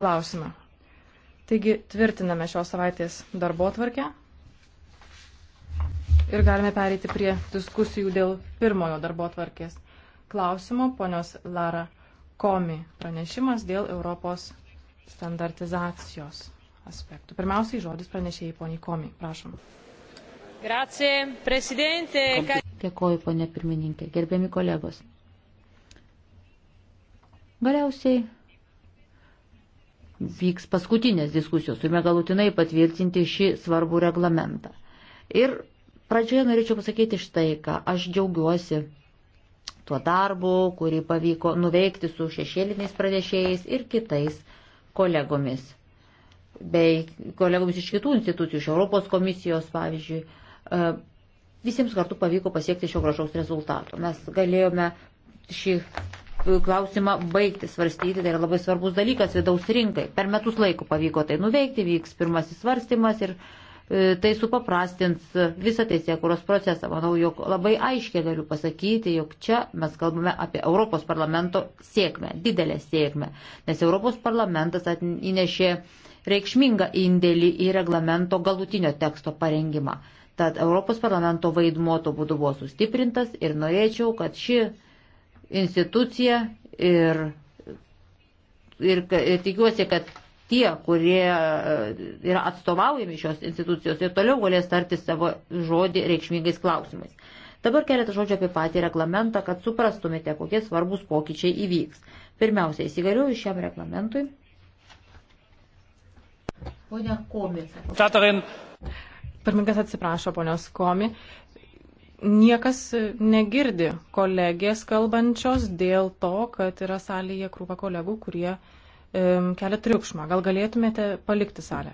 klausimą. Taigi tvirtiname šios savaitės darbo tvarkę ir galime pereiti prie diskusijų dėl pirmojo darbo tvarkės klausimo, ponios Lara Komi pranešimas dėl Europos standartizacijos aspektų. Pirmiausiai žodis pranešėjai poniai Komi, prašom. Grazie, prezidentė. Dėkoju, ponė pirmininkė, gerbiami kolegos. Galiausiai vyks paskutinės diskusijos. Turime galutinai patvirtinti šį svarbų reglamentą. Ir pradžioje norėčiau pasakyti štai ką. Aš džiaugiuosi tuo darbu, kurį pavyko nuveikti su šešėliniais pranešėjais ir kitais kolegomis. Bei kolegomis iš kitų institucijų, iš Europos komisijos, pavyzdžiui. E, visiems kartu pavyko pasiekti šio gražaus rezultato. Mes galėjome šį klausimą baigti svarstyti, tai yra labai svarbus dalykas vidaus rinkai. Per metus laiko pavyko tai nuveikti, vyks pirmasis svarstymas ir e, tai supaprastins visą teisėkuros procesą. Manau, jog labai aiškiai galiu pasakyti, jog čia mes kalbame apie Europos parlamento sėkmę, didelę sėkmę, nes Europos parlamentas įnešė reikšmingą indėlį į reglamento galutinio teksto parengimą. Tad Europos parlamento vaidmuo to būdu buvo sustiprintas ir norėčiau, kad ši institucija ir, ir, ir tikiuosi, kad tie, kurie e, yra atstovaujami šios institucijos ir toliau galės tarti savo žodį reikšmingais klausimais. Dabar keletą žodžių apie patį reglamentą, kad suprastumėte, kokie svarbus pokyčiai įvyks. Pirmiausia, įsigaliuoju šiam reglamentui. Pone Komi. Pirmininkas atsiprašo, ponios Komi niekas negirdi kolegės kalbančios dėl to, kad yra salėje krūva kolegų, kurie e, kelia triukšmą. Gal galėtumėte palikti salę?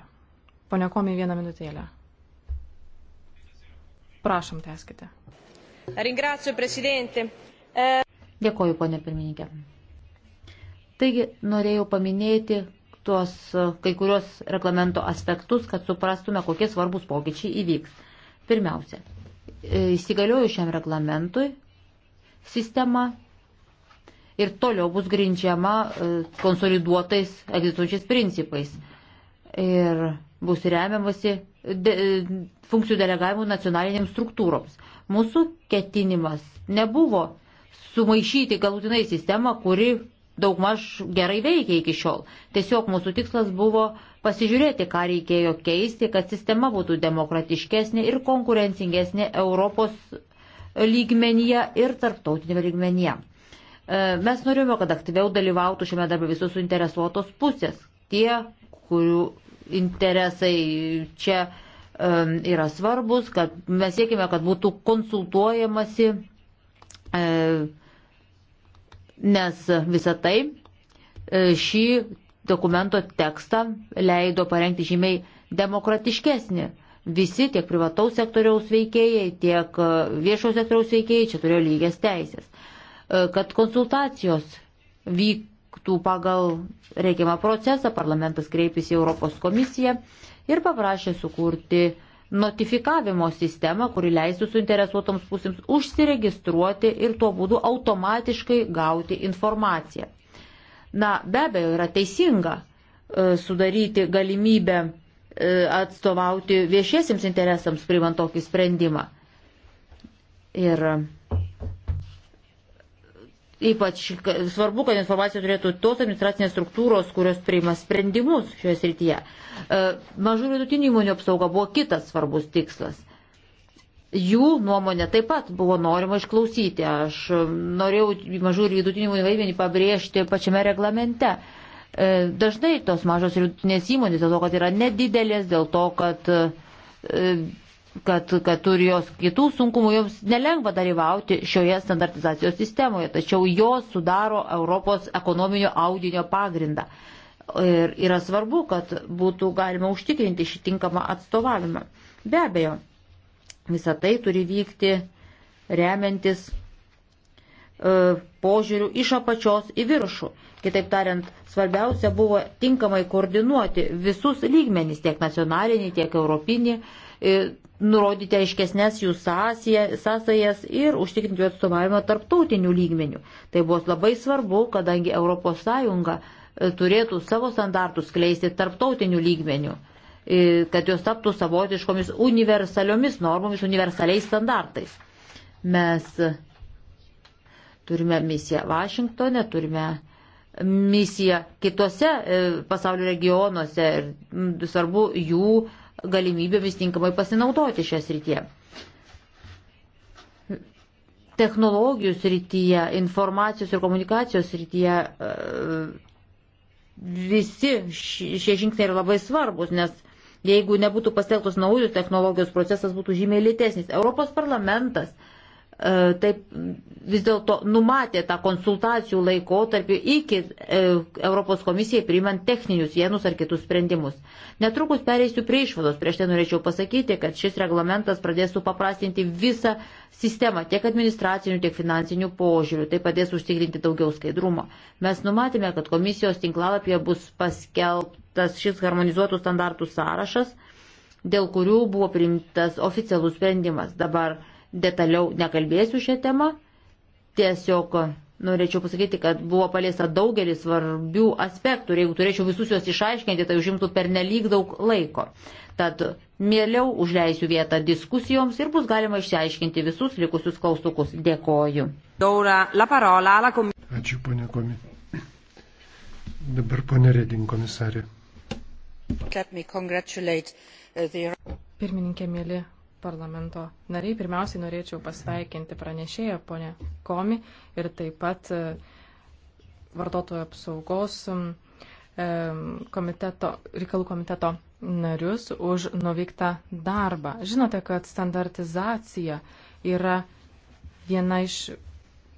Pone Komi, vieną minutėlę. Prašom, teskite. Ringraciu, prezidentė. E... Dėkoju, ponė pirmininkė. Taigi, norėjau paminėti tuos e, kai kurios reglamento aspektus, kad suprastume, kokie svarbus pokyčiai įvyks. Pirmiausia, E, įsigaliojus šiam reglamentui sistema ir toliau bus grindžiama e, konsoliduotais egzistuojančiais principais ir bus remiamasi de, e, funkcijų delegavimu nacionalinėms struktūroms. Mūsų ketinimas nebuvo sumaišyti galutinai sistemą, kuri daugmaž gerai veikia iki šiol. Tiesiog mūsų tikslas buvo uh, pasižiūrėti, ką reikėjo keisti, kad sistema būtų demokratiškesnė ir konkurencingesnė Europos lygmenyje ir tarptautinėme lygmenyje. E, mes norime, kad aktyviau dalyvautų šiame darbe visos suinteresuotos pusės, tie, kurių interesai čia e, yra svarbus, kad mes siekime, kad būtų konsultuojamasi, e, nes visą tai šį dokumento tekstą leido parengti žymiai demokratiškesnį. Visi, tiek privataus sektoriaus veikėjai, tiek e, viešo sektoriaus veikėjai čia turėjo lygias teisės. E, kad konsultacijos vyktų pagal reikiamą procesą, parlamentas kreipėsi į Europos komisiją ir paprašė sukurti notifikavimo sistemą, kuri leistų suinteresuotoms pusėms užsiregistruoti ir tuo būdu automatiškai gauti informaciją. Na, be abejo, yra teisinga e, sudaryti galimybę e, atstovauti viešiesiems interesams, priimant tokį sprendimą. Ir e, ypač svarbu, kad informacija turėtų tos administracinės struktūros, kurios priima sprendimus šioje srityje. Mažų vidutinių įmonių apsauga buvo kitas svarbus tikslas. Jų nuomonė taip pat buvo norima išklausyti. Aš um, norėjau mažų ir vidutinių įmonių vaidmenį pabrėžti pačiame reglamente. E, dažnai tos mažos ir vidutinės įmonės, dėl to, kad yra nedidelės, dėl to, kad, e, kad, kad turi jos kitų sunkumų, joms nelengva dalyvauti šioje standartizacijos sistemoje, tačiau jos sudaro Europos ekonominio audinio pagrindą. Ir yra svarbu, kad būtų galima užtikrinti šį tinkamą atstovavimą. Be abejo, Visą tai turi vykti remiantis e, požiūrių iš apačios į viršų. Kitaip tariant, svarbiausia buvo tinkamai koordinuoti visus lygmenys, tiek nacionalinį, tiek europinį, e, nurodyti aiškesnės jų sąsajas ir užtikrinti jų atstovavimą tarptautinių lygmenių. Tai buvo labai svarbu, kadangi ES e, turėtų savo standartus kleisti tarptautinių lygmenių kad jos taptų savotiškomis universaliomis normomis, universaliais standartais. Mes turime misiją Vašingtonė, turime misiją kitose e, pasaulio regionuose ir svarbu jų galimybėmis tinkamai pasinaudoti šią srityje. Technologijų srityje, informacijos ir komunikacijos srityje e, visi šie žingsniai yra labai svarbus, nes Jeigu nebūtų pasteltos naujos technologijos, procesas būtų žymiai lėtesnis. Europos parlamentas e, taip vis dėlto numatė tą konsultacijų laikotarpį iki e, Europos komisijai priimant techninius vienus ar kitus sprendimus. Netrukus pereisiu prie išvados. Prieš tai norėčiau pasakyti, kad šis reglamentas pradės supaprastinti visą sistemą tiek administracinių, tiek finansinių požiūrių. Tai padės užtikrinti daugiau skaidrumo. Mes numatėme, kad komisijos tinklalapyje bus paskelbta tas šis harmonizuotų standartų sąrašas, dėl kurių buvo priimtas oficialus sprendimas. Dabar detaliau nekalbėsiu šią temą, tiesiog norėčiau pasakyti, kad buvo paliesta daugelis svarbių aspektų ir jeigu turėčiau visus juos išaiškinti, tai užimtų per nelik daug laiko. Tad mieliau užleisiu vietą diskusijoms ir bus galima išsiaiškinti visus likusius klaustukus. Dėkoju. Ačiū, ponė komi. Dabar ponė Redin komisarė. Uh, Pirmininkė, mėly parlamento nariai, pirmiausiai norėčiau pasveikinti pranešėją, ponę Komi, ir taip pat uh, vartotojų apsaugos um, um, komiteto, reikalų komiteto narius už nuveiktą darbą. Žinote, kad standartizacija yra viena iš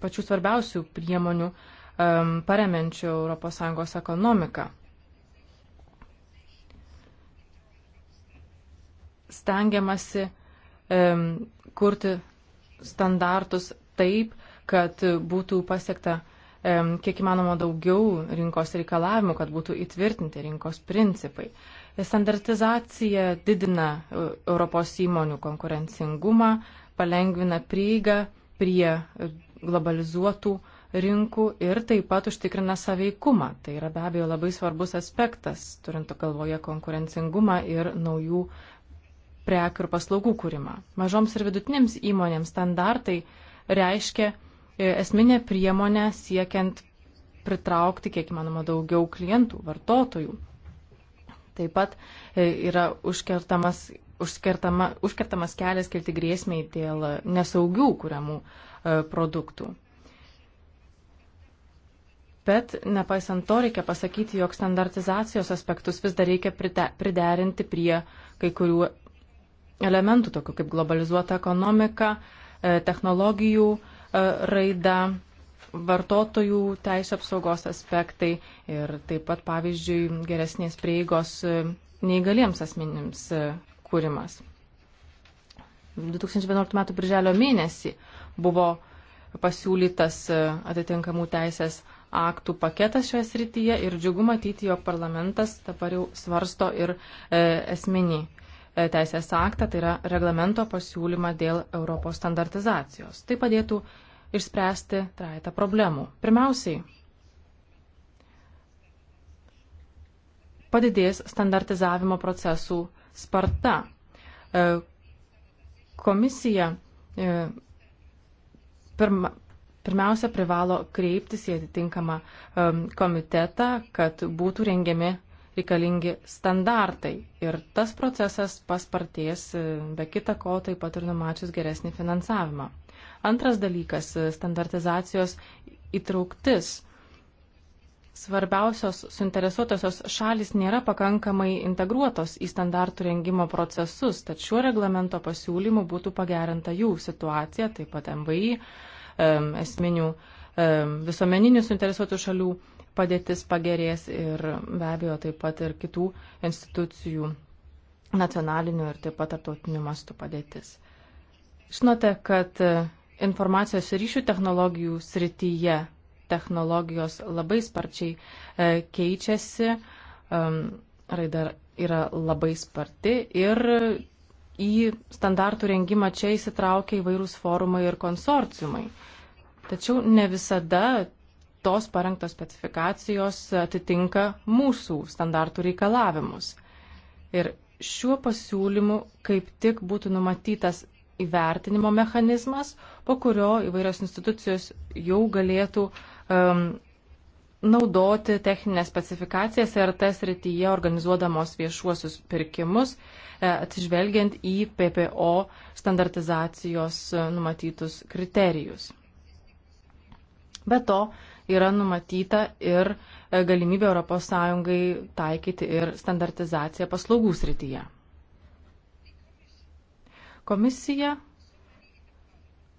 pačių svarbiausių priemonių um, paremenčių ES ekonomiką. stengiamasi um, kurti standartus taip, kad būtų pasiekta um, kiek įmanoma daugiau rinkos reikalavimų, kad būtų įtvirtinti rinkos principai. Standartizacija didina e, Europos įmonių konkurencingumą, palengvina prieigą prie e, globalizuotų rinkų ir taip pat užtikrina saveikumą. Tai yra be abejo labai svarbus aspektas, turint galvoje konkurencingumą ir naujų prekių ir paslaugų kūrimą. Mažoms ir vidutinėms įmonėms standartai reiškia e, esminę priemonę siekiant pritraukti kiek įmanoma daugiau klientų, vartotojų. Taip pat e, yra užkertamas, užkertama, užkertamas kelias kelti grėsmiai dėl nesaugių kuriamų e, produktų. Bet nepaisant to reikia pasakyti, jog standartizacijos aspektus vis dar reikia prite, priderinti prie kai kurių elementų, tokių kaip globalizuota ekonomika, e, technologijų e, raida, vartotojų teisų apsaugos aspektai ir taip pat, pavyzdžiui, geresnės prieigos e, neįgaliems asmenims kūrimas. 2011 m. birželio mėnesį buvo pasiūlytas atitinkamų teisės aktų paketas šioje srityje ir džiugu matyti, jog parlamentas dabar jau svarsto ir esminį teisės aktą, tai yra reglamento pasiūlymą dėl Europos standartizacijos. Tai padėtų išspręsti traitą problemų. Pirmiausiai, padidės standartizavimo procesų sparta. E, komisija e, pirma, pirmiausia privalo kreiptis į atitinkamą e, komitetą, kad būtų rengiami reikalingi standartai ir tas procesas paspartės e, be kita ko taip pat ir numačius geresnį finansavimą. Antras dalykas - standartizacijos įtrauktis. Svarbiausios suinteresuotosios šalis nėra pakankamai integruotos į standartų rengimo procesus, tad šiuo reglamento pasiūlymu būtų pagerinta jų situacija, taip pat MVI, esminių visuomeninių suinteresuotų šalių padėtis pagerės ir be abejo taip pat ir kitų institucijų nacionaliniu ir taip pat tarptautiniu mastu padėtis. Žinote, kad e, informacijos ir ryšių technologijų srityje technologijos labai sparčiai e, keičiasi, raida yra labai sparti ir į standartų rengimą čia įsitraukia įvairūs forumai ir konsorciumai. Tačiau ne visada tos parengtos specifikacijos atitinka mūsų standartų reikalavimus. Ir šiuo pasiūlymu kaip tik būtų numatytas įvertinimo mechanizmas, po kurio įvairios institucijos jau galėtų um, naudoti techninės specifikacijas RT srityje organizuodamos viešuosius pirkimus, e, atsižvelgiant į PPO standartizacijos e, numatytus kriterijus. Be to, yra numatyta ir e, galimybė ES taikyti ir standartizaciją paslaugų srityje. Komisija,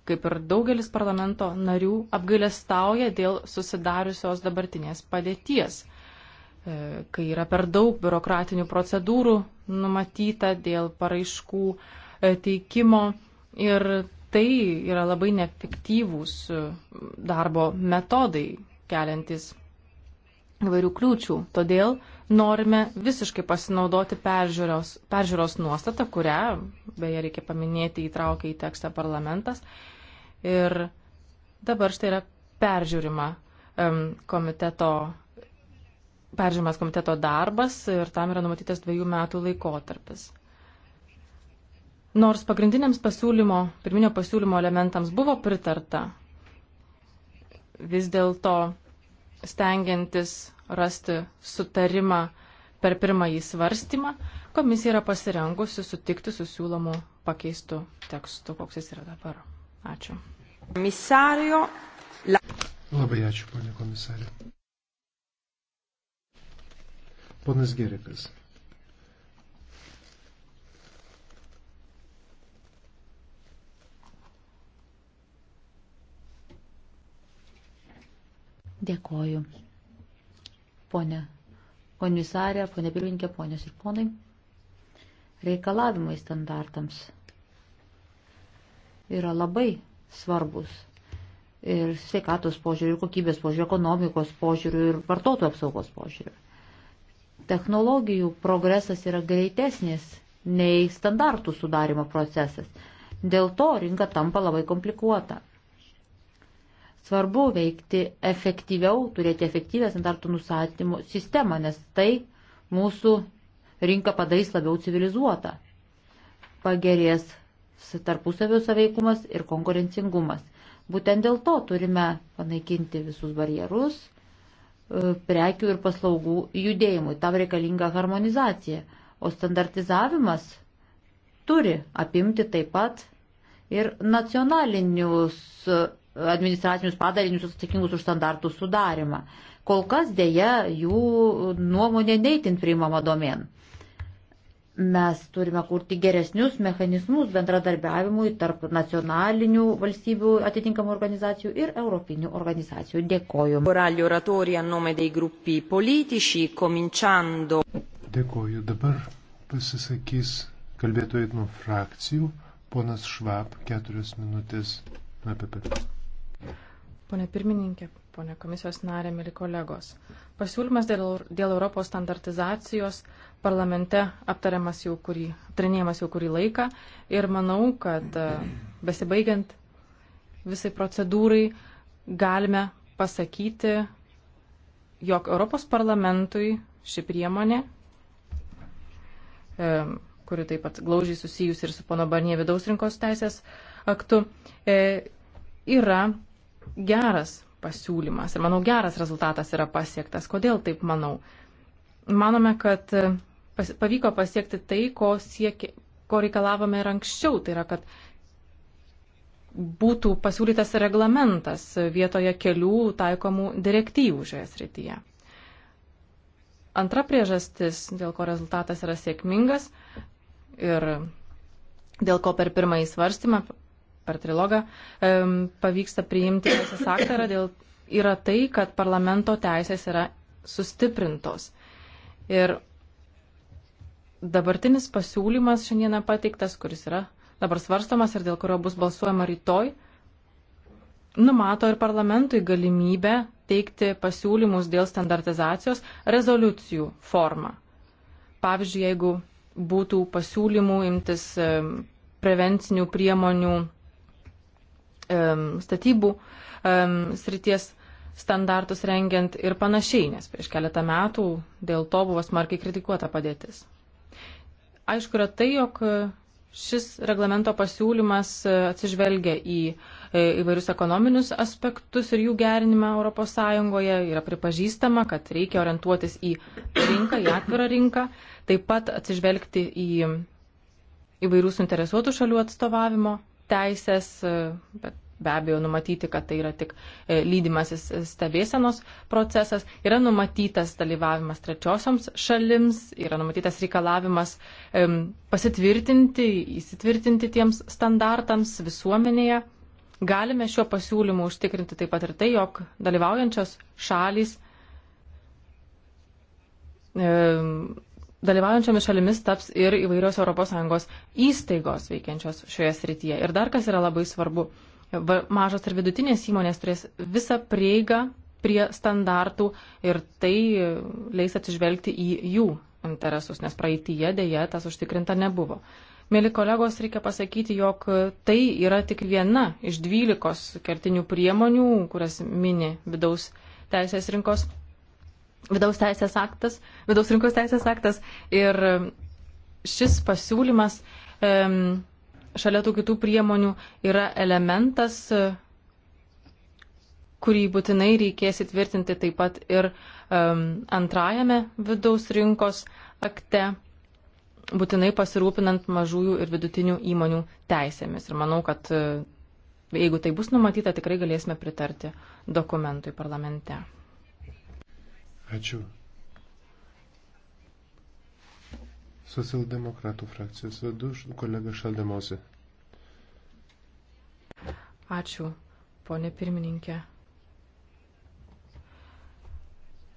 kaip ir daugelis parlamento narių, apgailestauja dėl susidariusios dabartinės padėties, e, kai yra per daug biurokratinių procedūrų numatyta dėl paraiškų e, teikimo ir tai yra labai neefektyvūs e, darbo metodai keliantis įvairių kliūčių. Todėl norime visiškai pasinaudoti peržiūros, peržiūros nuostatą, kurią, beje, reikia paminėti, įtraukia į tekstą parlamentas. Ir dabar štai yra peržiūrima um, komiteto, peržiūrimas komiteto darbas ir tam yra numatytas dviejų metų laikotarpis. Nors pagrindiniams pasiūlymo, pirminio pasiūlymo elementams buvo pritarta, vis dėlto stengiantis rasti sutarimą per pirmąjį svarstymą, komisija yra pasirengusi sutikti su siūlomu pakeistu tekstu, koks jis yra dabar. Ačiū. Komisario. La... Labai ačiū, ponė komisarė. Ponas Gerikas. Dėkoju. Pone komisarė, pone pirmininkė, ponios ir ponai. Reikalavimai standartams yra labai svarbus. Ir sveikatos požiūrių, ir kokybės požiūrių, ekonomikos požiūrių, ir vartotojų apsaugos požiūrių. Technologijų progresas yra greitesnis nei standartų sudarimo procesas. Dėl to rinka tampa labai komplikuota. Svarbu veikti efektyviau, turėti efektyvę standartų nusatymo sistemą, nes tai mūsų rinką padarys labiau civilizuotą. Pagerės tarpusavio saveikumas ir konkurencingumas. Būtent dėl to turime panaikinti visus barjerus e, prekių ir paslaugų judėjimui. Tam reikalinga harmonizacija, o standartizavimas turi apimti taip pat ir nacionalinius administracinius padarinius atsakingus už standartų sudarimą. Kol kas dėja jų nuomonė neįtin priimama domen. Mes turime kurti geresnius mechanizmus bendradarbiavimui tarp nacionalinių valstybių atitinkamų organizacijų ir europinių organizacijų. Dėkoju. Dėkoju. Dabar pasisakys kalbėtojai nuo frakcijų. Ponas Švab, keturias minutės. Apie, apie. Pone pirmininkė, pone komisijos narė, mėly kolegos. Pasiūlymas dėl, dėl Europos standartizacijos parlamente aptariamas jau kurį, aptarinėjamas jau kurį laiką ir manau, kad e, besibaigiant visai procedūrai galime pasakyti, jog Europos parlamentui ši priemonė, e, kuri taip pat glaužiai susijusi ir su pono Barnie vidaus rinkos teisės aktu, e, yra geras pasiūlymas ir manau geras rezultatas yra pasiektas. Kodėl taip manau? Manome, kad e, pas, pavyko pasiekti tai, ko, siekė, ko reikalavome ir anksčiau. Tai yra, kad būtų pasiūlytas reglamentas vietoje kelių taikomų direktyvų šioje srityje. Antra priežastis, dėl ko rezultatas yra sėkmingas ir dėl ko per pirmąjį svarstymą per trilogą pavyksta priimti teisės aktą yra, dėl, yra tai, kad parlamento teisės yra sustiprintos. Ir dabartinis pasiūlymas šiandieną pateiktas, kuris yra dabar svarstomas ir dėl kurio bus balsuojama rytoj, numato ir parlamentui galimybę teikti pasiūlymus dėl standartizacijos rezoliucijų formą. Pavyzdžiui, jeigu būtų pasiūlymų imtis prevencinių priemonių statybų srities standartus rengiant ir panašiai, nes prieš keletą metų dėl to buvo smarkiai kritikuota padėtis. Aišku yra tai, jog šis reglamento pasiūlymas atsižvelgia į e, įvairius ekonominius aspektus ir jų gerinimą ES. Yra pripažįstama, kad reikia orientuotis į rinką, į atvirą rinką, taip pat atsižvelgti į įvairių suinteresuotų šalių atstovavimo teisės, e, bet be abejo numatyti, kad tai yra tik e, lydimasis e, stebėsenos procesas, yra numatytas dalyvavimas trečiosioms šalims, yra numatytas reikalavimas pasitvirtinti, įsitvirtinti tiems standartams visuomenėje. Galime šiuo pasiūlymu užtikrinti taip pat ir tai, jog dalyvaujančios šalys dalyvaujančiomis šalimis taps ir įvairios ES įstaigos veikiančios šioje srityje. Ir dar kas yra labai svarbu, mažos ir vidutinės įmonės turės visą prieigą prie standartų ir tai leis atsižvelgti į jų interesus, nes praeitįje dėje tas užtikrinta nebuvo. Mėly kolegos, reikia pasakyti, jog tai yra tik viena iš dvylikos kertinių priemonių, kurias mini vidaus teisės rinkos vidaus teisės aktas, vidaus rinkos teisės aktas ir e, šis pasiūlymas e, šalia tų kitų priemonių yra elementas, e, kurį būtinai reikės įtvirtinti taip pat ir antrajame vidaus rinkos akte būtinai pasirūpinant mažųjų ir vidutinių įmonių teisėmis. Ir manau, kad jeigu tai bus numatyta, tikrai galėsime pritarti dokumentui parlamente. Ačiū. Socialdemokratų frakcijos vadu kolega Šaldemosi. Ačiū, ponė pirmininkė.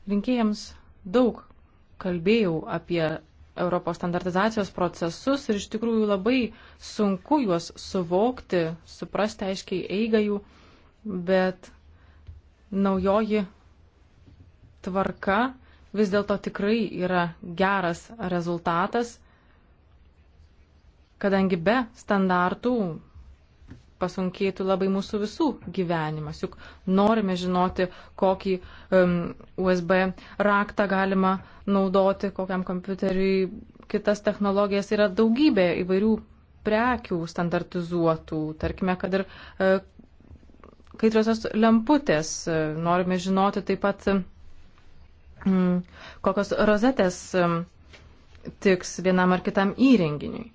Rinkėjams daug kalbėjau apie Europos standartizacijos procesus ir iš tikrųjų labai sunku juos suvokti, suprasti aiškiai eigą jų, bet naujoji tvarka vis dėlto tikrai yra geras rezultatas, kadangi be standartų pasunkėtų labai mūsų visų gyvenimas. Juk norime žinoti, kokį um, USB raktą galima naudoti, kokiam kompiuteriui kitas technologijas yra daugybė įvairių prekių standartizuotų, tarkime, kad ir e, kaitriosios lemputės, uh, norime žinoti taip pat um, Mm, kokios rozetės mm, tiks vienam ar kitam įrenginiui.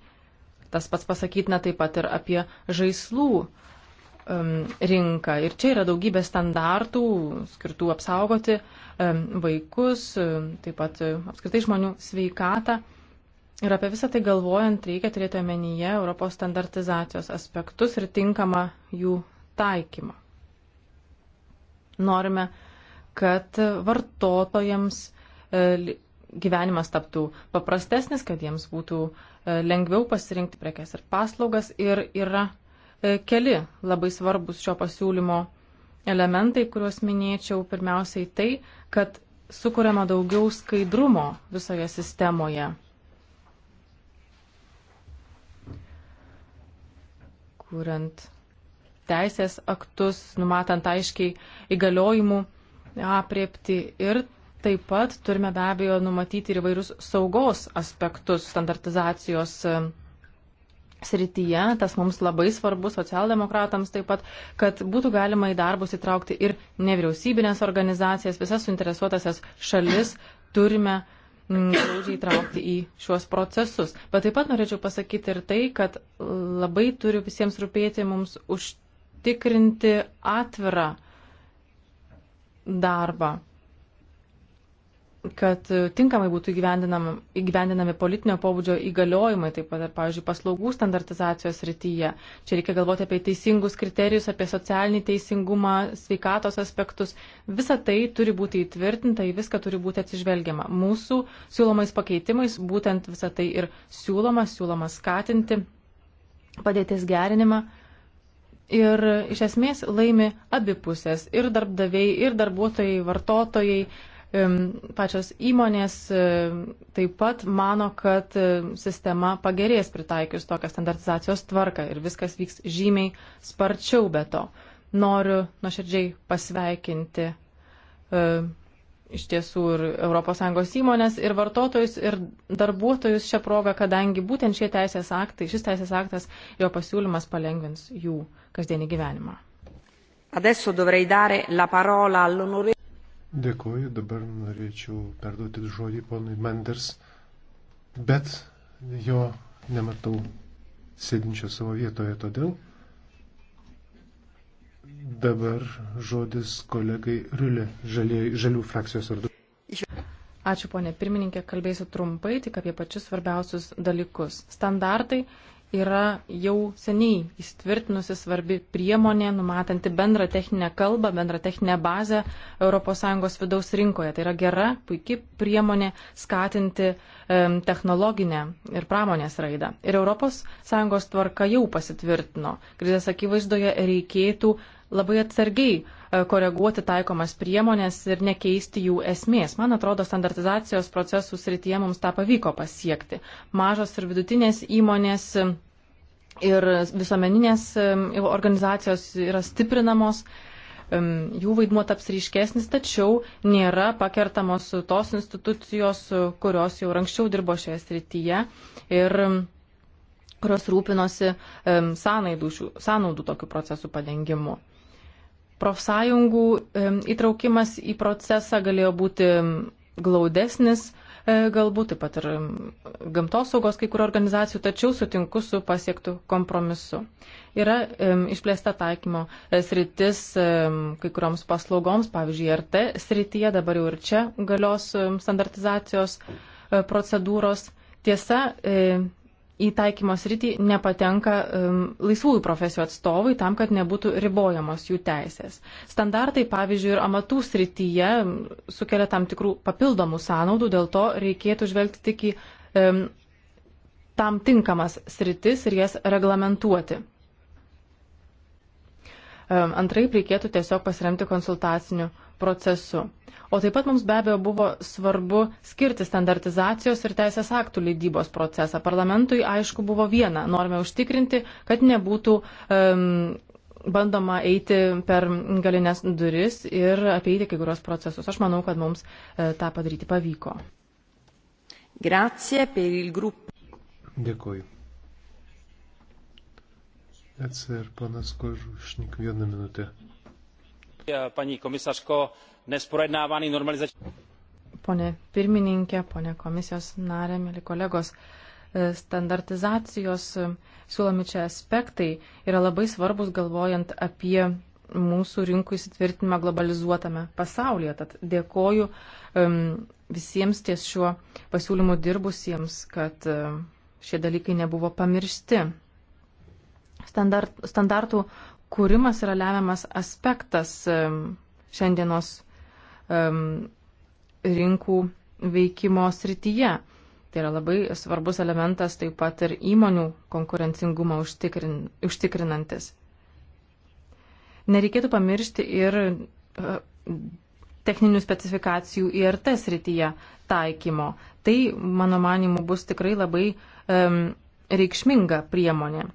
Tas pats pasakytina taip pat ir apie žaislų mm, rinką. Ir čia yra daugybė standartų skirtų apsaugoti vaikus, taip pat apskritai žmonių sveikatą. Ir apie visą tai galvojant reikia turėti omenyje Europos standartizacijos aspektus ir tinkamą jų taikymą. Norime uh, kad vartotojams e, gyvenimas taptų paprastesnis, kad jiems būtų e, lengviau pasirinkti prekes ir paslaugas. Ir yra e, keli labai svarbus šio pasiūlymo elementai, kuriuos minėčiau. Pirmiausiai tai, kad sukuriama daugiau skaidrumo visoje sistemoje. Kuriant teisės aktus, numatant aiškiai įgaliojimų apriepti ir taip pat turime be abejo numatyti ir įvairius saugos aspektus standartizacijos e, srityje, tas mums labai svarbu socialdemokratams taip pat, kad būtų galima į darbus įtraukti ir nevyriausybinės organizacijas, visas suinteresuotasias šalis turime mm, glaudžiai įtraukti į šiuos procesus. Bet taip pat norėčiau pasakyti ir tai, kad labai turi visiems rūpėti mums užtikrinti atvirą darbą, kad tinkamai būtų įgyvendinami politinio pobūdžio įgaliojimai, taip pat ir, pavyzdžiui, paslaugų standartizacijos rytyje. Čia reikia galvoti apie teisingus kriterijus, apie socialinį teisingumą, sveikatos aspektus. Visa tai turi būti įtvirtinta, į viską turi būti atsižvelgiama. Mūsų siūlomais pakeitimais būtent visa tai ir siūloma, siūloma skatinti padėties gerinimą Ir iš esmės laimi abipusės ir darbdaviai, ir darbuotojai, vartotojai, pačios įmonės e, taip pat mano, kad e, sistema pagerės pritaikius tokią standartizacijos tvarką ir viskas vyks žymiai sparčiau be to. Noriu nuoširdžiai pasveikinti e, iš tiesų ir ES įmonės, ir vartotojus, ir darbuotojus šią progą, kadangi būtent šie teisės aktai, šis teisės aktas, jo pasiūlymas palengvins jų kasdienį gyvenimą. Dėkuoju, dabar norėčiau perduoti žodį ponui Menders, bet jo nematau sėdinčio savo vietoje, todėl Dabar žodis kolegai Rulė, žalių frakcijos vardu. Ačiū, ponė pirmininkė, kalbėsiu trumpai tik apie pačius svarbiausius dalykus. Standartai yra jau seniai įsitvirtinusi svarbi priemonė, numatanti bendrą techninę kalbą, bendrą techninę bazę ES vidaus rinkoje. Tai yra gera, puikia priemonė skatinti um, e, technologinę ir pramonės raidą. Ir ES tvarka jau pasitvirtino. Krizės akivaizdoje reikėtų labai atsargiai e, koreguoti taikomas priemonės ir nekeisti jų esmės. Man atrodo, standartizacijos procesų srityje mums tą pavyko pasiekti. Mažos ir vidutinės įmonės ir visuomeninės e, organizacijos yra stiprinamos e, jų vaidmuo taps ryškesnis, tačiau nėra pakertamos tos institucijos, kurios jau anksčiau dirbo šioje srityje ir kurios rūpinosi sąnaudų tokių procesų padengimu. Profsąjungų įtraukimas į procesą galėjo būti glaudesnis, e, galbūt taip pat ir gamtosaugos kai kurių organizacijų, tačiau sutinku su pasiektų kompromisu. Yra išplėsta taikymo e, sritis kai kurioms paslaugoms, pavyzdžiui, RT srityje, dabar jau ir čia galios standartizacijos e, procedūros. Tiesa, į taikymos rytį nepatenka um, laisvųjų profesijų atstovai tam, kad nebūtų ribojamos jų teisės. Standartai, pavyzdžiui, ir amatų srityje um, sukelia tam tikrų papildomų sąnaudų, dėl to reikėtų žvelgti tik į um, tam tinkamas sritis ir jas reglamentuoti. Antraip reikėtų tiesiog pasiremti konsultaciniu procesu. O taip pat mums be abejo buvo svarbu skirti standartizacijos ir teisės aktų leidybos procesą. Parlamentui aišku buvo viena. Norime užtikrinti, kad nebūtų um, bandoma eiti per galinės duris ir apeiti kai kurios procesus. Aš manau, kad mums e, tą padaryti pavyko. Dėkui. ECR, panas Kožušnik, vieną minutę. Pani komisarko, dnes projednávaný normalizační. Pone pirmininkė, pone komisijos narė, mėly kolegos, e, standartizacijos e, siūlomi čia aspektai yra labai svarbus galvojant apie mūsų rinkų įsitvirtinimą globalizuotame pasaulyje. Tad dėkoju um, visiems ties šiuo pasiūlymu dirbusiems, kad um, šie dalykai nebuvo pamiršti standart, standartų kūrimas yra lemiamas aspektas šiandienos um, rinkų veikimo srityje. Tai yra labai svarbus elementas taip pat ir įmonių konkurencingumą užtikrin, užtikrinantis. Nereikėtų pamiršti ir uh, techninių specifikacijų IRT srityje taikymo. Tai, mano manimu, bus tikrai labai um, reikšminga priemonė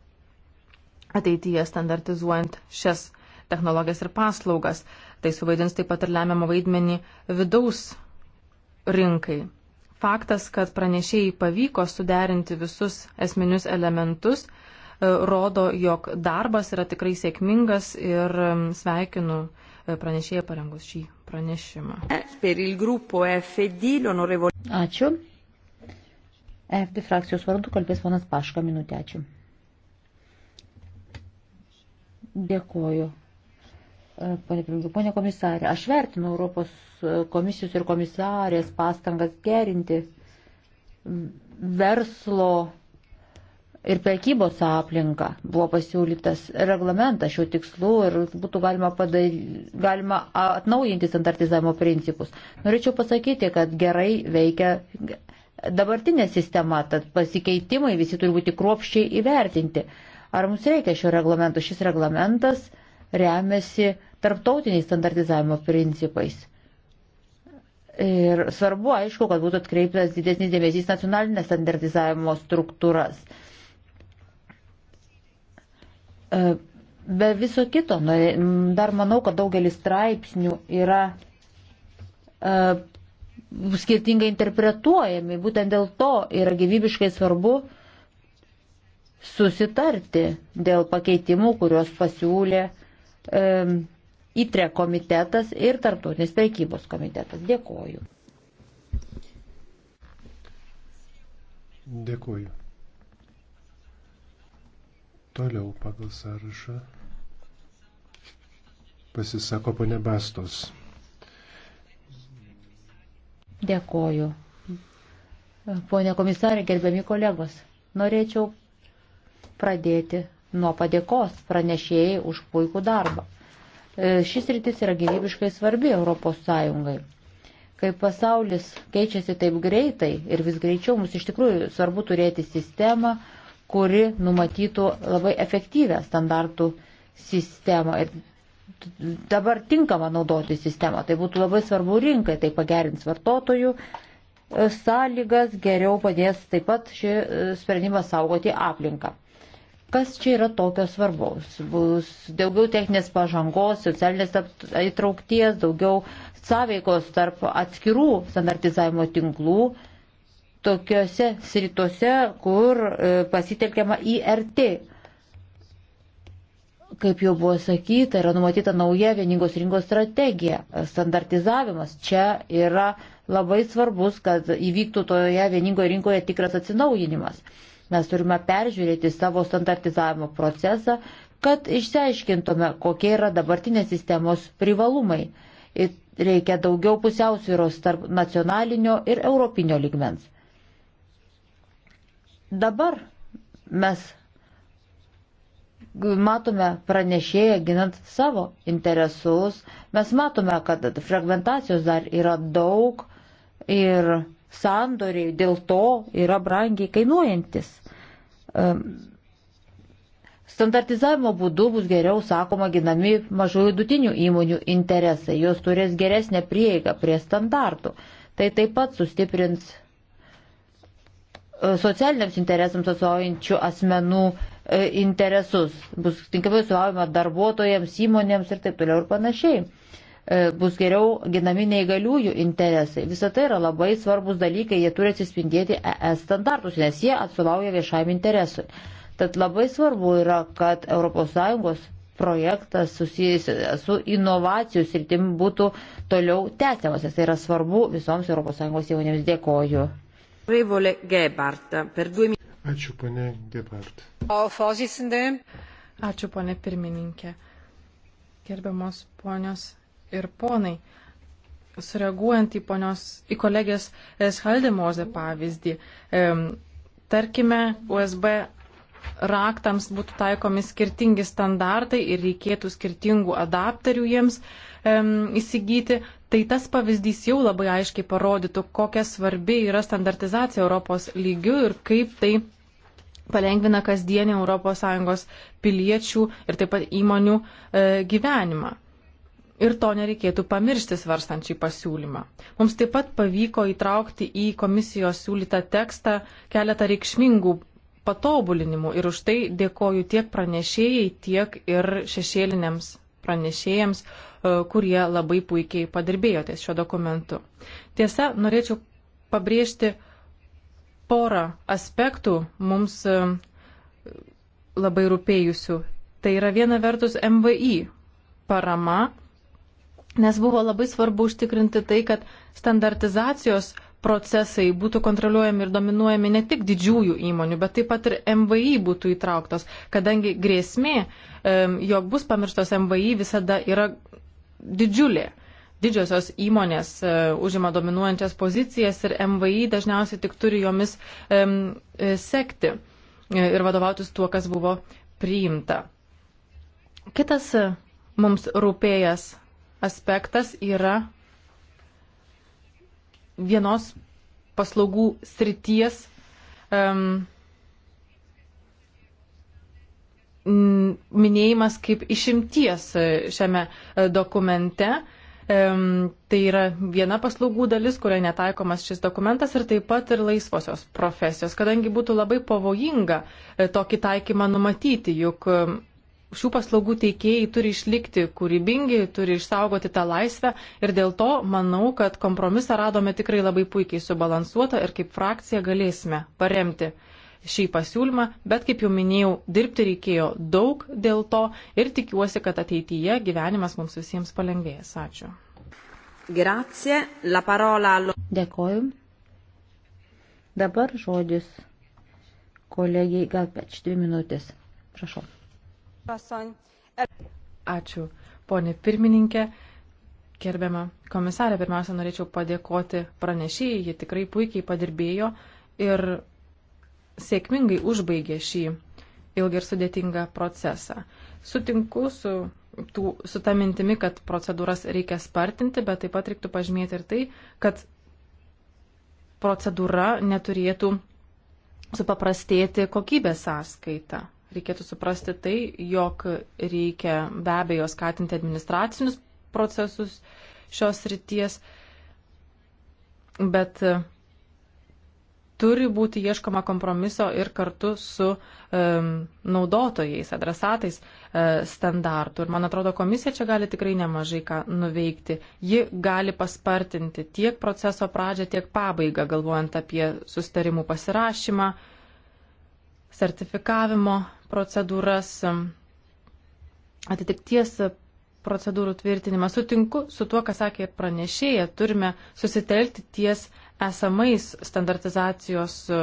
ateityje standartizuojant šias technologijas ir paslaugas. Tai suvaidins taip pat ir lemiamą vaidmenį vidaus rinkai. Faktas, kad pranešėjai pavyko suderinti visus esminius elementus, e, rodo, jog darbas yra tikrai sėkmingas ir sveikinu e, pranešėją parengus šį pranešimą. Ačiū. FD frakcijos vardu kalbės ponas Paška minutė. Ačiū. Dėkoju. E, pone Pirmininkė, pone komisarė, aš vertinu Europos komisijos ir komisarės pastangas gerinti verslo ir prekybos aplinką. Buvo pasiūlytas reglamentas šiuo tikslu ir būtų galima, padary, galima atnaujinti standartizavimo principus. Norėčiau pasakyti, kad gerai veikia dabartinė sistema, tad pasikeitimai visi turi būti kruopščiai įvertinti. Ar mums reikia šio reglamento? Šis reglamentas remiasi tarptautiniais standartizavimo principais. Ir svarbu, aišku, kad būtų atkreiptas didesnis dėmesys nacionalinės standartizavimo struktūras. E, be viso kito, dar manau, kad daugelis straipsnių yra e, skirtingai interpretuojami. Būtent dėl to yra gyvybiškai svarbu uh, susitarti dėl pakeitimų, kuriuos pasiūlė e, ITRE komitetas ir Tartutinės prekybos komitetas. Dėkoju. Dėkoju. Toliau pagal sąrašą pasisako ponė Bastos. Dėkoju. Pone komisarė, gerbiami kolegos, norėčiau pradėti nuo padėkos pranešėjai už puikų darbą. E, šis rytis yra gyvybiškai svarbi Europos Sąjungai. Kai pasaulis keičiasi taip greitai ir vis greičiau, mums iš tikrųjų svarbu turėti sistemą, kuri numatytų labai efektyvę standartų sistemą ir dabar tinkama naudoti sistemą. Tai būtų labai svarbu rinkai, tai pagerins vartotojų e, sąlygas, geriau padės taip pat šį e, sprendimą saugoti aplinką. Kas čia yra tokio svarbaus? Bus daugiau techninės pažangos, socialinės įtraukties, daugiau sąveikos tarp atskirų standartizavimo tinklų tokiuose srituose, kur e, pasitelkiama IRT kaip jau buvo sakyta, yra numatyta nauja vieningos rinkos strategija. Standartizavimas čia yra labai svarbus, kad įvyktų toje vieningoje rinkoje tikras atsinaujinimas. Mes turime peržiūrėti savo standartizavimo procesą, kad išsiaiškintume, kokie yra dabartinės sistemos privalumai. Ir reikia daugiau pusiausvyros tarp nacionalinio ir europinio ligmens. Dabar mes matome pranešėją ginant savo interesus, mes matome, kad fragmentacijos dar yra daug, ir sandoriai dėl to yra brangiai kainuojantis. Standartizavimo būdu bus geriau, sakoma, ginami mažų vidutinių įmonių interesai, jos turės geresnę prieigą prie standartų. Tai taip pat sustiprins e, socialiniams interesams atstovaujančių asmenų e, interesus, bus tinkamai atstovaujama darbuotojams, įmonėms ir taip toliau ir panašiai. E, bus geriau ginami neįgaliųjų interesai. Visą tai yra labai svarbus dalykai, jie turi atsispindėti ES standartus, nes jie atstovauja viešajam interesui. Tad labai svarbu yra, kad ES projektas susijęs su inovacijų sritim būtų toliau tęsiamas, nes tai yra svarbu visoms ES jaunėms dėkoju. Ačiū, ponė Gebhardt. Ačiū, ponė pirmininkė. Gerbiamos ponios ir ponai, sureaguojant į, ponios, į kolegės Schaldemozę pavyzdį, e, tarkime, USB raktams būtų taikomi skirtingi standartai ir reikėtų skirtingų adapterių jiems e, įsigyti, tai tas pavyzdys jau labai aiškiai parodytų, kokia svarbi yra standartizacija Europos lygių ir kaip tai palengvina kasdienį ES piliečių ir taip pat įmonių e, gyvenimą. Ir to nereikėtų pamiršti svarstančiai pasiūlymą. Mums taip pat pavyko įtraukti į komisijos siūlytą tekstą keletą reikšmingų patobulinimų ir už tai dėkoju tiek pranešėjai, tiek ir šešėliniams pranešėjams, e, kurie labai puikiai padirbėjo ties šio dokumentu. Tiesa, norėčiau pabrėžti porą aspektų mums e, labai rūpėjusių. Tai yra viena vertus MVI parama nes buvo labai svarbu užtikrinti tai, kad standartizacijos procesai būtų kontroliuojami ir dominuojami ne tik didžiųjų įmonių, bet taip pat ir MVI būtų įtrauktos, kadangi grėsmė, jog bus pamirštos MVI, visada yra didžiulė. Didžiosios įmonės e, užima dominuojančias pozicijas ir MVI dažniausiai tik turi jomis e, sekti e, ir vadovautis tuo, kas buvo priimta. Kitas mums rūpėjas aspektas yra vienos paslaugų srities um, minėjimas kaip išimties šiame e, dokumente. Um, tai yra viena paslaugų dalis, kurioje netaikomas šis dokumentas ir taip pat ir laisvosios profesijos, kadangi būtų labai pavojinga e, tokį taikymą numatyti, juk um, šių paslaugų teikėjai turi išlikti kūrybingi, turi išsaugoti tą laisvę ir dėl to manau, kad kompromisą radome tikrai labai puikiai subalansuotą ir kaip frakcija galėsime paremti šį pasiūlymą, bet kaip jau minėjau, dirbti reikėjo daug dėl to ir tikiuosi, kad ateityje gyvenimas mums visiems palengvės. Ačiū. Grazie, la parola. Dėkoju. Dabar žodis kolegijai gal peč dvi minutės. Prašau. Ačiū, ponė pirmininkė. Gerbiama komisarė, pirmiausia, norėčiau padėkoti pranešėjai, ji tikrai puikiai padirbėjo ir sėkmingai užbaigė šį ilgą ir sudėtingą procesą. Sutinku su, tų, su tą mintimi, kad procedūras reikia spartinti, bet taip pat reiktų pažymėti ir tai, kad procedūra neturėtų supaprastėti kokybės sąskaitą reikėtų suprasti tai, jog reikia be abejo skatinti administracinius procesus šios ryties, bet e, turi būti ieškoma kompromiso ir kartu su um, naudotojais, adresatais uh, standartų. Ir man atrodo, komisija čia gali tikrai nemažai ką nuveikti. Ji gali paspartinti tiek proceso pradžią, tiek pabaigą, galvojant apie sustarimų pasirašymą, uh, sertifikavimo procedūras, atitikties procedūrų tvirtinimą. Sutinku su tuo, ką sakė ir pranešėja, turime susitelkti ties esamais standartizacijos e,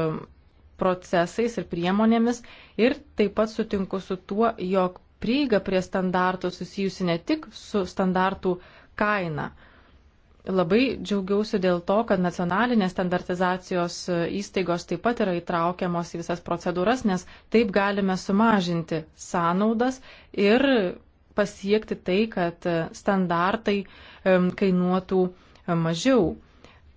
procesais ir priemonėmis ir taip pat sutinku su tuo, jog prieiga prie standartų susijusi ne tik su standartų kaina, Labai džiaugiausi dėl to, kad nacionalinės standartizacijos įstaigos taip pat yra įtraukiamos į visas procedūras, nes taip galime sumažinti sąnaudas ir pasiekti tai, kad standartai kainuotų mažiau.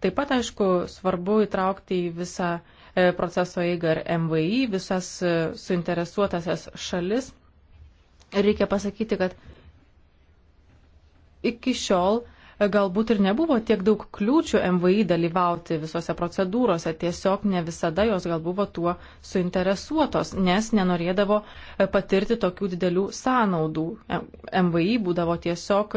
Taip pat, aišku, svarbu įtraukti į visą e, proceso eigą ir MVI, visas e, suinteresuotasias šalis. Ir reikia pasakyti, kad iki šiol galbūt ir nebuvo tiek daug kliūčių MVI dalyvauti visose procedūrose, tiesiog ne visada jos gal buvo tuo suinteresuotos, nes nenorėdavo e, patirti tokių didelių sąnaudų. MVI būdavo tiesiog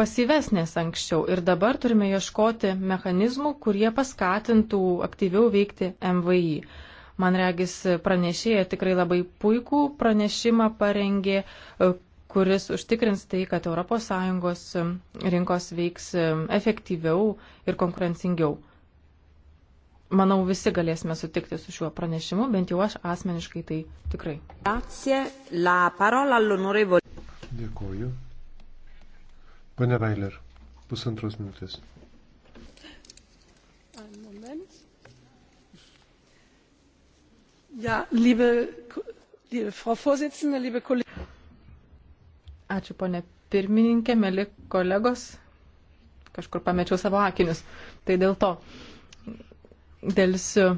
pasivesnės anksčiau ir dabar turime ieškoti mechanizmų, kurie paskatintų aktyviau veikti MVI. Man regis pranešėja tikrai labai puikų pranešimą parengė, e, kuris užtikrins tai, kad ES um, rinkos veiks um, efektyviau ir konkurencingiau. Manau, visi galėsime sutikti su šiuo pranešimu, bent jau aš asmeniškai tai tikrai. Dėkuoju. Pane Vailer, pusantros minutės. Ja, liebe, liebe Frau Vorsitzende, liebe Kollegen. Ačiū, ponė pirmininkė, mėly kolegos. Kažkur pamečiau savo akinius. Tai dėl to. Dėlsiu.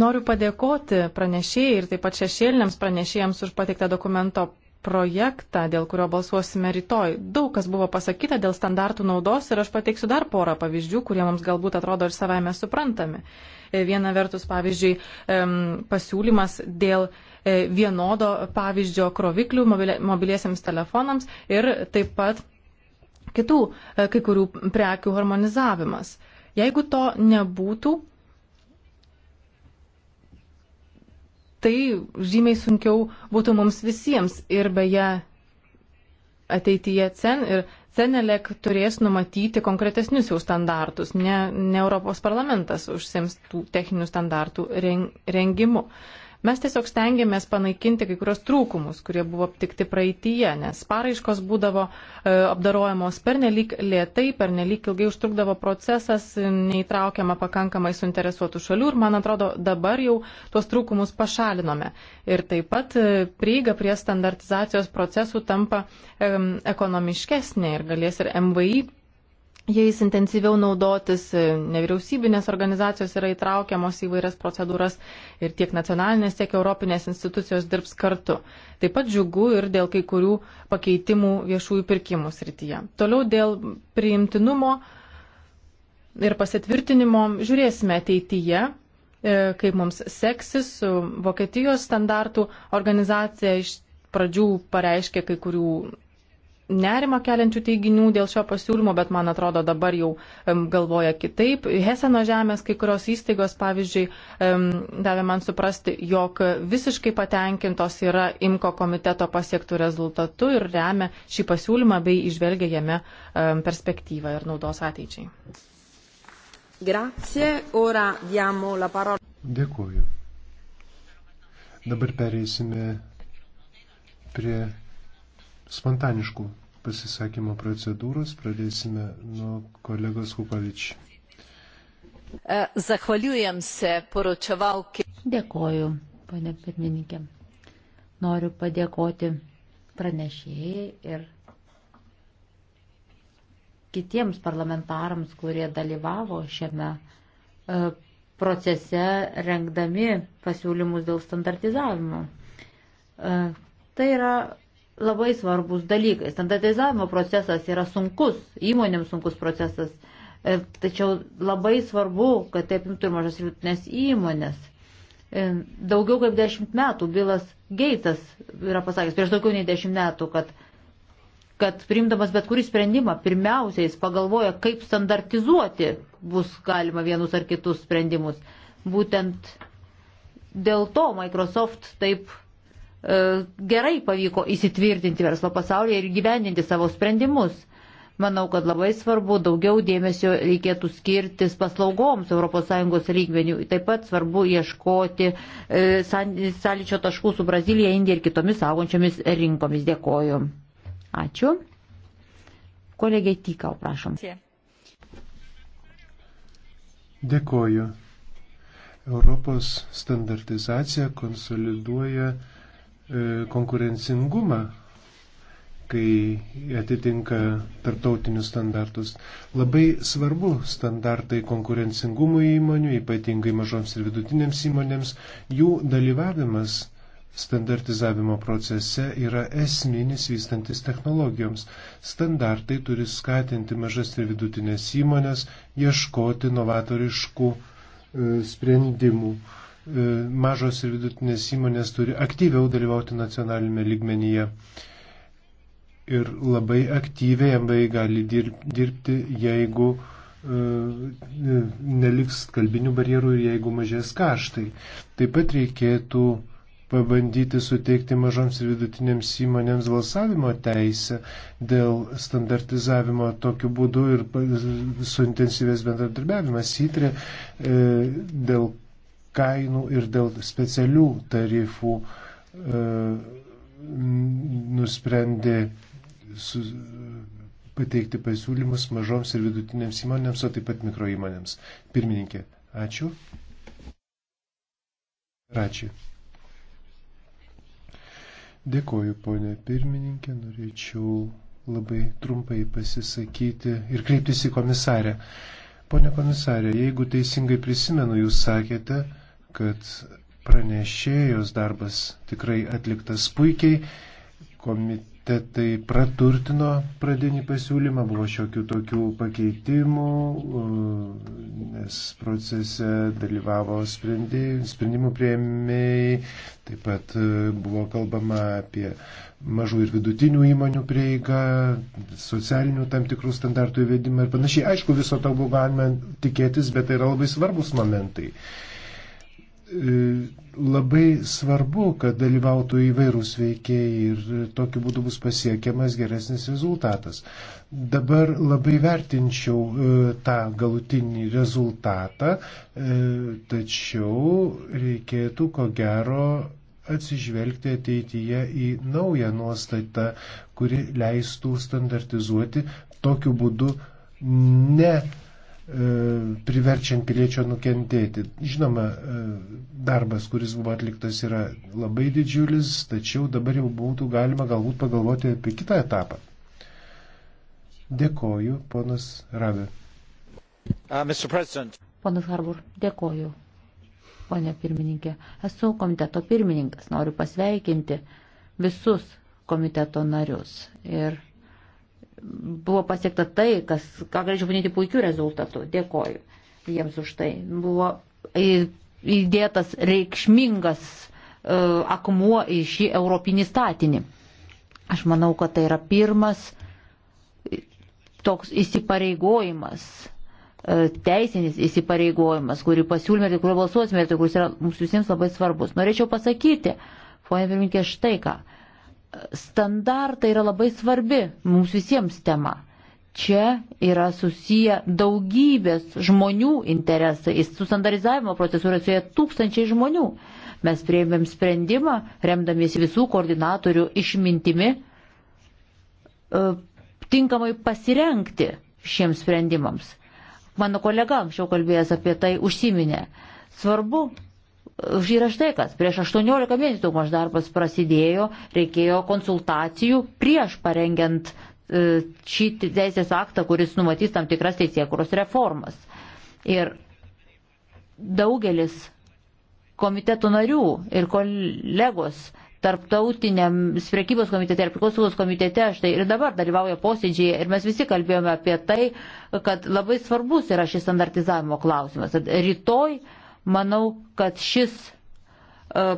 Noriu padėkoti pranešėjai ir taip pat šešėliniams pranešėjams už pateiktą dokumento projektą, dėl kurio balsuosime rytoj. Daug kas buvo pasakyta dėl standartų naudos ir aš pateiksiu dar porą pavyzdžių, kurie mums galbūt atrodo ir savai mes suprantami. Viena vertus, pavyzdžiui, pasiūlymas dėl E, vienodo pavyzdžio kroviklių mobiliesiems telefonams ir taip pat kitų e, kai kurių prekių harmonizavimas. Jeigu to nebūtų, tai žymiai sunkiau būtų mums visiems ir beje ateityje CEN ir CENELEK turės numatyti konkretesnius jau standartus, ne, ne Europos parlamentas užsims tų techninių standartų rengimu. Mes tiesiog stengiamės panaikinti kai kurios trūkumus, kurie buvo aptikti praeitįje, nes paraiškos būdavo e, apdarojamos pernelyg lėtai, pernelyg ilgai užtrukdavo procesas, neįtraukiama pakankamai suinteresuotų šalių ir, man atrodo, dabar jau tuos trūkumus pašalinome. Ir taip pat e, prieiga prie standartizacijos procesų tampa e, ekonomiškesnė ir galės ir MVI jais intensyviau naudotis, e, nevyriausybinės organizacijos yra įtraukiamos į vairias procedūras ir tiek nacionalinės, tiek europinės institucijos dirbs kartu. Taip pat džiugu ir dėl kai kurių pakeitimų viešųjų pirkimų srityje. Toliau dėl priimtinumo ir pasitvirtinimo žiūrėsime ateityje e, kaip mums seksis su Vokietijos standartų organizacija iš pradžių pareiškė kai kurių nerima keliančių teiginių dėl šio pasiūlymo, bet man atrodo dabar jau galvoja kitaip. Heseno žemės kai kurios įstaigos, pavyzdžiui, davė man suprasti, jog visiškai patenkintos yra IMKO komiteto pasiektų rezultatų ir remia šį pasiūlymą bei išvelgia jame perspektyvą ir naudos ateičiai. Grazie, ora diamo la parola. Dėkuoju. Dabar pereisime prie spontaniškų pasisakymo procedūros. Pradėsime nuo kolegos Kukovič. E, Zahvaliujem se poročevalki. Dėkoju, ponė pirmininkė. Noriu padėkoti pranešėjai ir kitiems parlamentarams, kurie dalyvavo šiame e, procese rengdami pasiūlymus dėl standartizavimo. E, tai yra labai svarbus dalykai. Standartizavimo procesas yra sunkus, įmonėms sunkus procesas, e, tačiau labai svarbu, kad taip imtų ir mažas rytinės įmonės. E, daugiau kaip dešimt metų Bilas Geitas yra pasakęs, prieš daugiau nei dešimt metų, kad kad priimdamas bet kurį sprendimą, pirmiausiai jis pagalvoja, kaip standartizuoti bus galima vienus ar kitus sprendimus. Būtent dėl to Microsoft taip E, gerai pavyko įsitvirtinti verslo pasaulyje ir gyvendinti savo sprendimus. Manau, kad labai svarbu daugiau dėmesio reikėtų skirtis paslaugoms ES lygmenių. Taip pat svarbu ieškoti e, sąlyčio taškų su Brazilija, Indija ir kitomis augančiomis rinkomis. Dėkoju. Ačiū. Kolegė Tikau, prašom. Dėkoju. Europos standartizacija konsoliduoja E, konkurencingumą, kai atitinka tarptautinius standartus. Labai svarbu standartai konkurencingumui įmonių, ypatingai mažoms ir vidutinėms įmonėms, jų dalyvavimas standartizavimo procese yra esminis vystantis technologijoms. Standartai turi skatinti mažas ir vidutinės įmonės ieškoti novatoriškų e, sprendimų. E, mažos ir vidutinės įmonės turi aktyviau dalyvauti nacionalinėme lygmenyje. Ir labai aktyviai MBI gali dirbti, jeigu e, e, neliks kalbinių barjerų ir jeigu mažės kaštai. Taip pat reikėtų pabandyti suteikti mažoms ir vidutinėms įmonėms balsavimo teisę dėl standartizavimo tokiu būdu ir suintensyvės bendradarbiavimas įtrė, dėl kainų ir dėl specialių tarifų e, nusprendė su, pateikti pasiūlymus mažoms ir vidutinėms įmonėms, o taip pat mikro įmonėms. Pirmininkė, ačiū. Račiai. Dėkoju, ponė pirmininkė, norėčiau labai trumpai pasisakyti ir kreiptis į komisarę. Pone komisarė, jeigu teisingai prisimenu, jūs sakėte, kad pranešėjos darbas tikrai atliktas puikiai. Komitetai praturtino pradinį pasiūlymą, buvo šiokių tokių pakeitimų, nes procese dalyvavo sprendimų prieimėjai, taip pat e, buvo kalbama apie mažų ir vidutinių įmonių prieigą, socialinių tam tikrų standartų įvedimą ir panašiai. Aišku, viso to buvo galima tikėtis, bet tai yra labai svarbus momentai. Uh, E, labai svarbu, kad dalyvautų įvairūs veikėjai ir tokiu būdu bus pasiekiamas geresnis rezultatas. Dabar labai vertinčiau e, tą galutinį rezultatą, e, tačiau reikėtų ko gero atsižvelgti ateityje į naują nuostatą, kuri leistų standartizuoti tokiu būdu ne E, priverčiant piliečio nukentėti. Žinoma, e, darbas, kuris buvo atliktas, yra labai didžiulis, tačiau dabar jau būtų galima galbūt pagalvoti apie kitą etapą. Dėkoju, ponas Rabė. Uh, ponas Harbur, dėkoju. Pone pirmininkė, esu komiteto pirmininkas, noriu pasveikinti visus komiteto narius ir buvo pasiekta tai, kas, ką galėčiau vadinti puikių rezultatų. Dėkoju jiems už tai. Buvo įdėtas reikšmingas uh, akmuo į šį europinį statinį. Aš manau, kad tai yra pirmas toks įsipareigojimas, uh, teisinis įsipareigojimas, kurį pasiūlymė ir tai, kurį balsuosime ir tai, kuris yra mums visiems labai svarbus. Norėčiau pasakyti, ponia pirminkė, štai ką. Uh, standartai yra labai svarbi mums visiems tema. Čia yra susiję daugybės žmonių interesai. Su standarizavimo procesu yra susiję tūkstančiai žmonių. Mes prieimėm sprendimą, remdamiesi visų koordinatorių išmintimi, e, tinkamai pasirenkti šiems sprendimams. Mano kolega anksčiau kalbėjęs apie tai užsiminė. Svarbu yra štai kas. Prieš 18 mėnesių maž darbas prasidėjo, reikėjo konsultacijų prieš parengiant e, šį teisės aktą, kuris numatys tam tikras teisėkuros reformas. Ir daugelis komiteto narių ir kolegos tarptautiniams priekybos komitete ir priklausomos komitete, štai ir dabar dalyvauja posėdžiai ir mes visi kalbėjome apie tai, kad labai svarbus yra šis standartizavimo klausimas. Rytoj uh, Manau, kad šis e,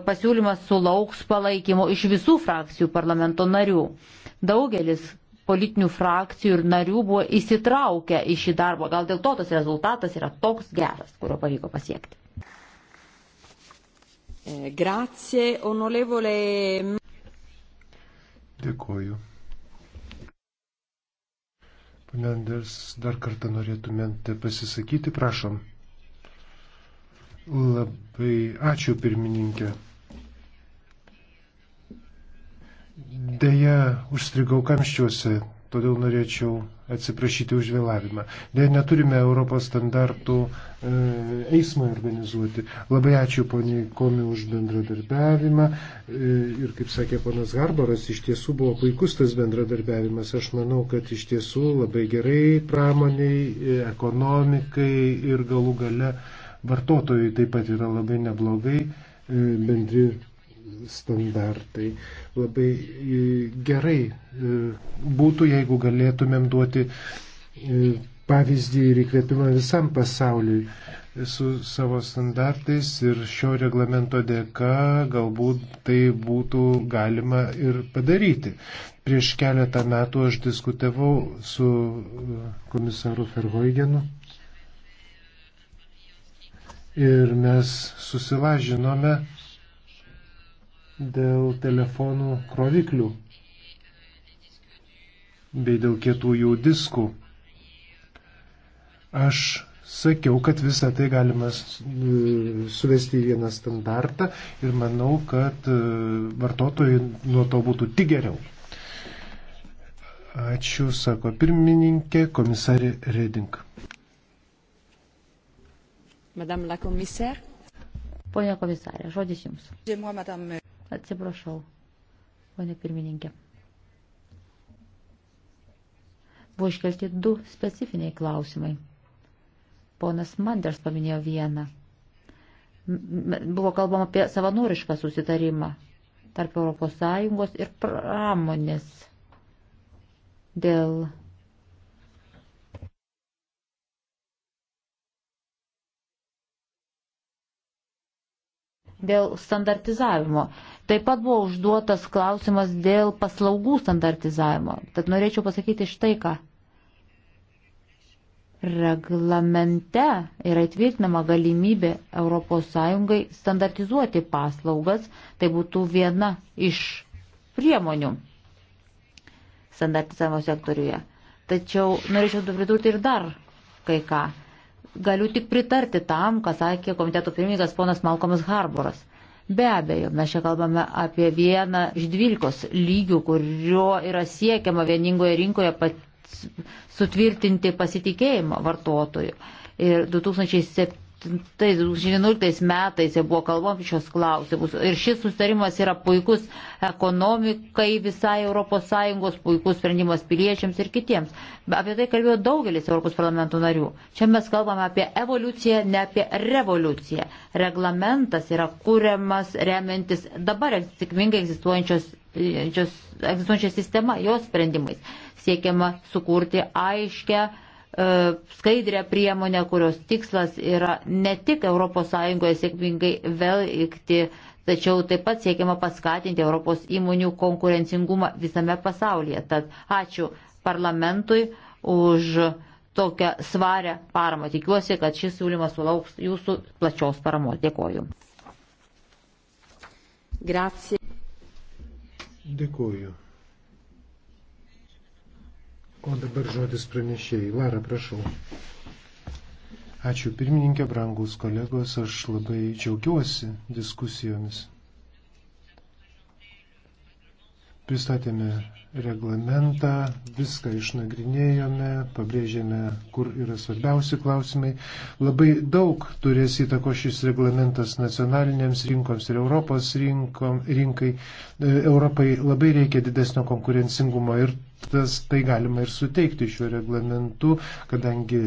pasiūlymas sulauks palaikymo iš visų frakcijų parlamento narių. Daugelis politinių frakcijų ir narių buvo įsitraukę į šį darbą. Gal dėl to tas rezultatas yra toks geras, kurio pavyko pasiekti. E, grazie, onorevole. Dėkuoju. Pane Anders, dar kartą norėtumėte pasisakyti, prašom. Labai ačiū pirmininkė. Deja, užstrigau kamščiuose, todėl norėčiau atsiprašyti už vėlavimą. Deja, neturime Europos standartų e, eismą organizuoti. Labai ačiū poniai Komi už bendradarbiavimą. E, ir kaip sakė ponas Garbaras, iš tiesų buvo puikus tas bendradarbiavimas. Aš manau, kad iš tiesų labai gerai pramoniai, e, ekonomikai ir galų gale. E, Vartotojui taip pat yra labai neblogai e, bendri standartai. Labai e, gerai e, būtų, jeigu galėtumėm duoti pavyzdį ir įkvėpimą visam pasauliui su savo standartais ir šio reglamento dėka galbūt tai būtų galima ir padaryti. Prieš keletą metų aš diskutavau su komisaru Ferhoigenu ir mes susilažinome dėl telefonų kroviklių bei dėl kietųjų diskų. Aš sakiau, kad visą tai galima e, suvesti į vieną standartą ir manau, kad e, vartotojai nuo to būtų tik geriau. Ačiū, sako pirmininkė, komisarė Reding. Madame la komisarė. Pone komisarė, žodis jums. Atsiprašau, pone pirmininkė. Buvo iškelti du specifiniai klausimai. Ponas Manders paminėjo vieną. Buvo kalbama apie savanorišką susitarimą tarp ES ir pramonės dėl dėl standartizavimo. Taip pat buvo užduotas klausimas dėl paslaugų standartizavimo. Tad norėčiau pasakyti štai ką. Reglamente yra įtvirtinama galimybė ES standartizuoti paslaugas. Tai būtų viena iš priemonių standartizavimo sektoriuje. Tačiau norėčiau pridurti ir dar kai ką. Galiu tik pritarti tam, ką sakė komiteto pirmininkas ponas Malkomas Harboras. Be abejo, mes čia kalbame apie vieną iš dvylikos lygių, kurio yra siekiama vieningoje rinkoje pat, sutvirtinti pasitikėjimą vartotojų. Ir 2007 2011 metais jau buvo kalbama apie šios klausimus. Ir šis sustarimas yra puikus ekonomikai visai ES, puikus sprendimas piliečiams ir kitiems. Apie tai kalbėjo daugelis Europos parlamento narių. Čia mes kalbame apie evoliuciją, ne apie revoliuciją. Reglamentas yra kuriamas remiantis dabar sėkmingai egzistuojančios egzistuojančia sistema, jos sprendimais. Siekiama sukurti aiškę E, skaidrę priemonę, kurios tikslas yra ne tik ES sėkmingai veikti, tačiau taip pat siekiama paskatinti Europos įmonių konkurencingumą visame pasaulyje. Tad ačiū parlamentui už tokią svarę paramą. Tikiuosi, kad šis siūlymas sulauks jūsų plačios paramos. Dėkoju. Grazie. Dėkoju. O dabar žodis pranešėjai. Lara, prašau. Ačiū pirmininkė, brangus kolegos, aš labai džiaugiuosi diskusijomis. Pristatėme reglamentą, viską išnagrinėjome, pabrėžėme, kur yra svarbiausi klausimai. Labai daug turės įtako šis reglamentas nacionalinėms rinkoms ir Europos rinkom, rinkai. E, Europai labai reikia didesnio konkurencingumo ir tas, tai galima ir suteikti šiuo reglamentu, kadangi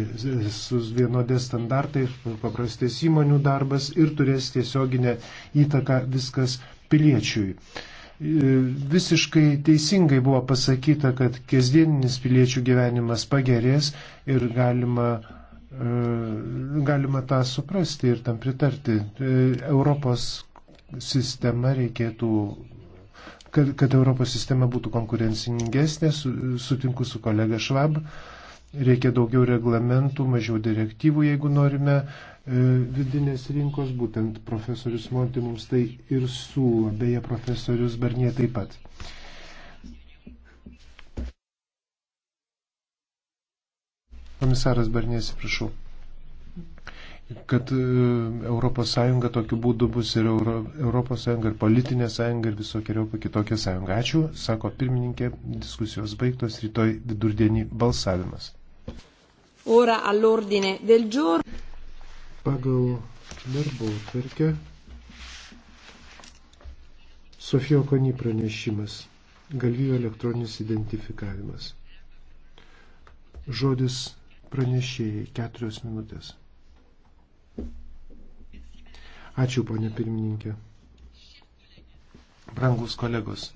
suvienodė standartai, paprastas įmonių darbas ir turės tiesioginę įtaką viskas piliečiui. Visiškai teisingai buvo pasakyta, kad kasdieninis piliečių gyvenimas pagerės ir galima e, galima tą suprasti ir tam pritarti. E, Europos sistema reikėtų kad, kad Europos sistema būtų konkurencingesnė, su, sutinku su kolega Švab, reikia daugiau reglamentų, mažiau direktyvų, jeigu norime e, vidinės rinkos, būtent profesorius Monti mums tai ir siūlo, beje, profesorius Barnie taip pat. Komisaras Barnėsi, prašau kad ES tokiu būdu bus ir ES, ir politinė sąjunga, ir visokiojo kitokia sąjunga. Ačiū, sako pirmininkė, diskusijos baigtos, rytoj vidurdienį balsavimas. Ora all'ordine del giorno. Pagal darbo tvarkę. Sofijo Kony pranešimas. Galvijo elektroninis identifikavimas. Žodis pranešėjai keturios minutės. Ačiū, ponė pirmininkė. Brangus kolegos.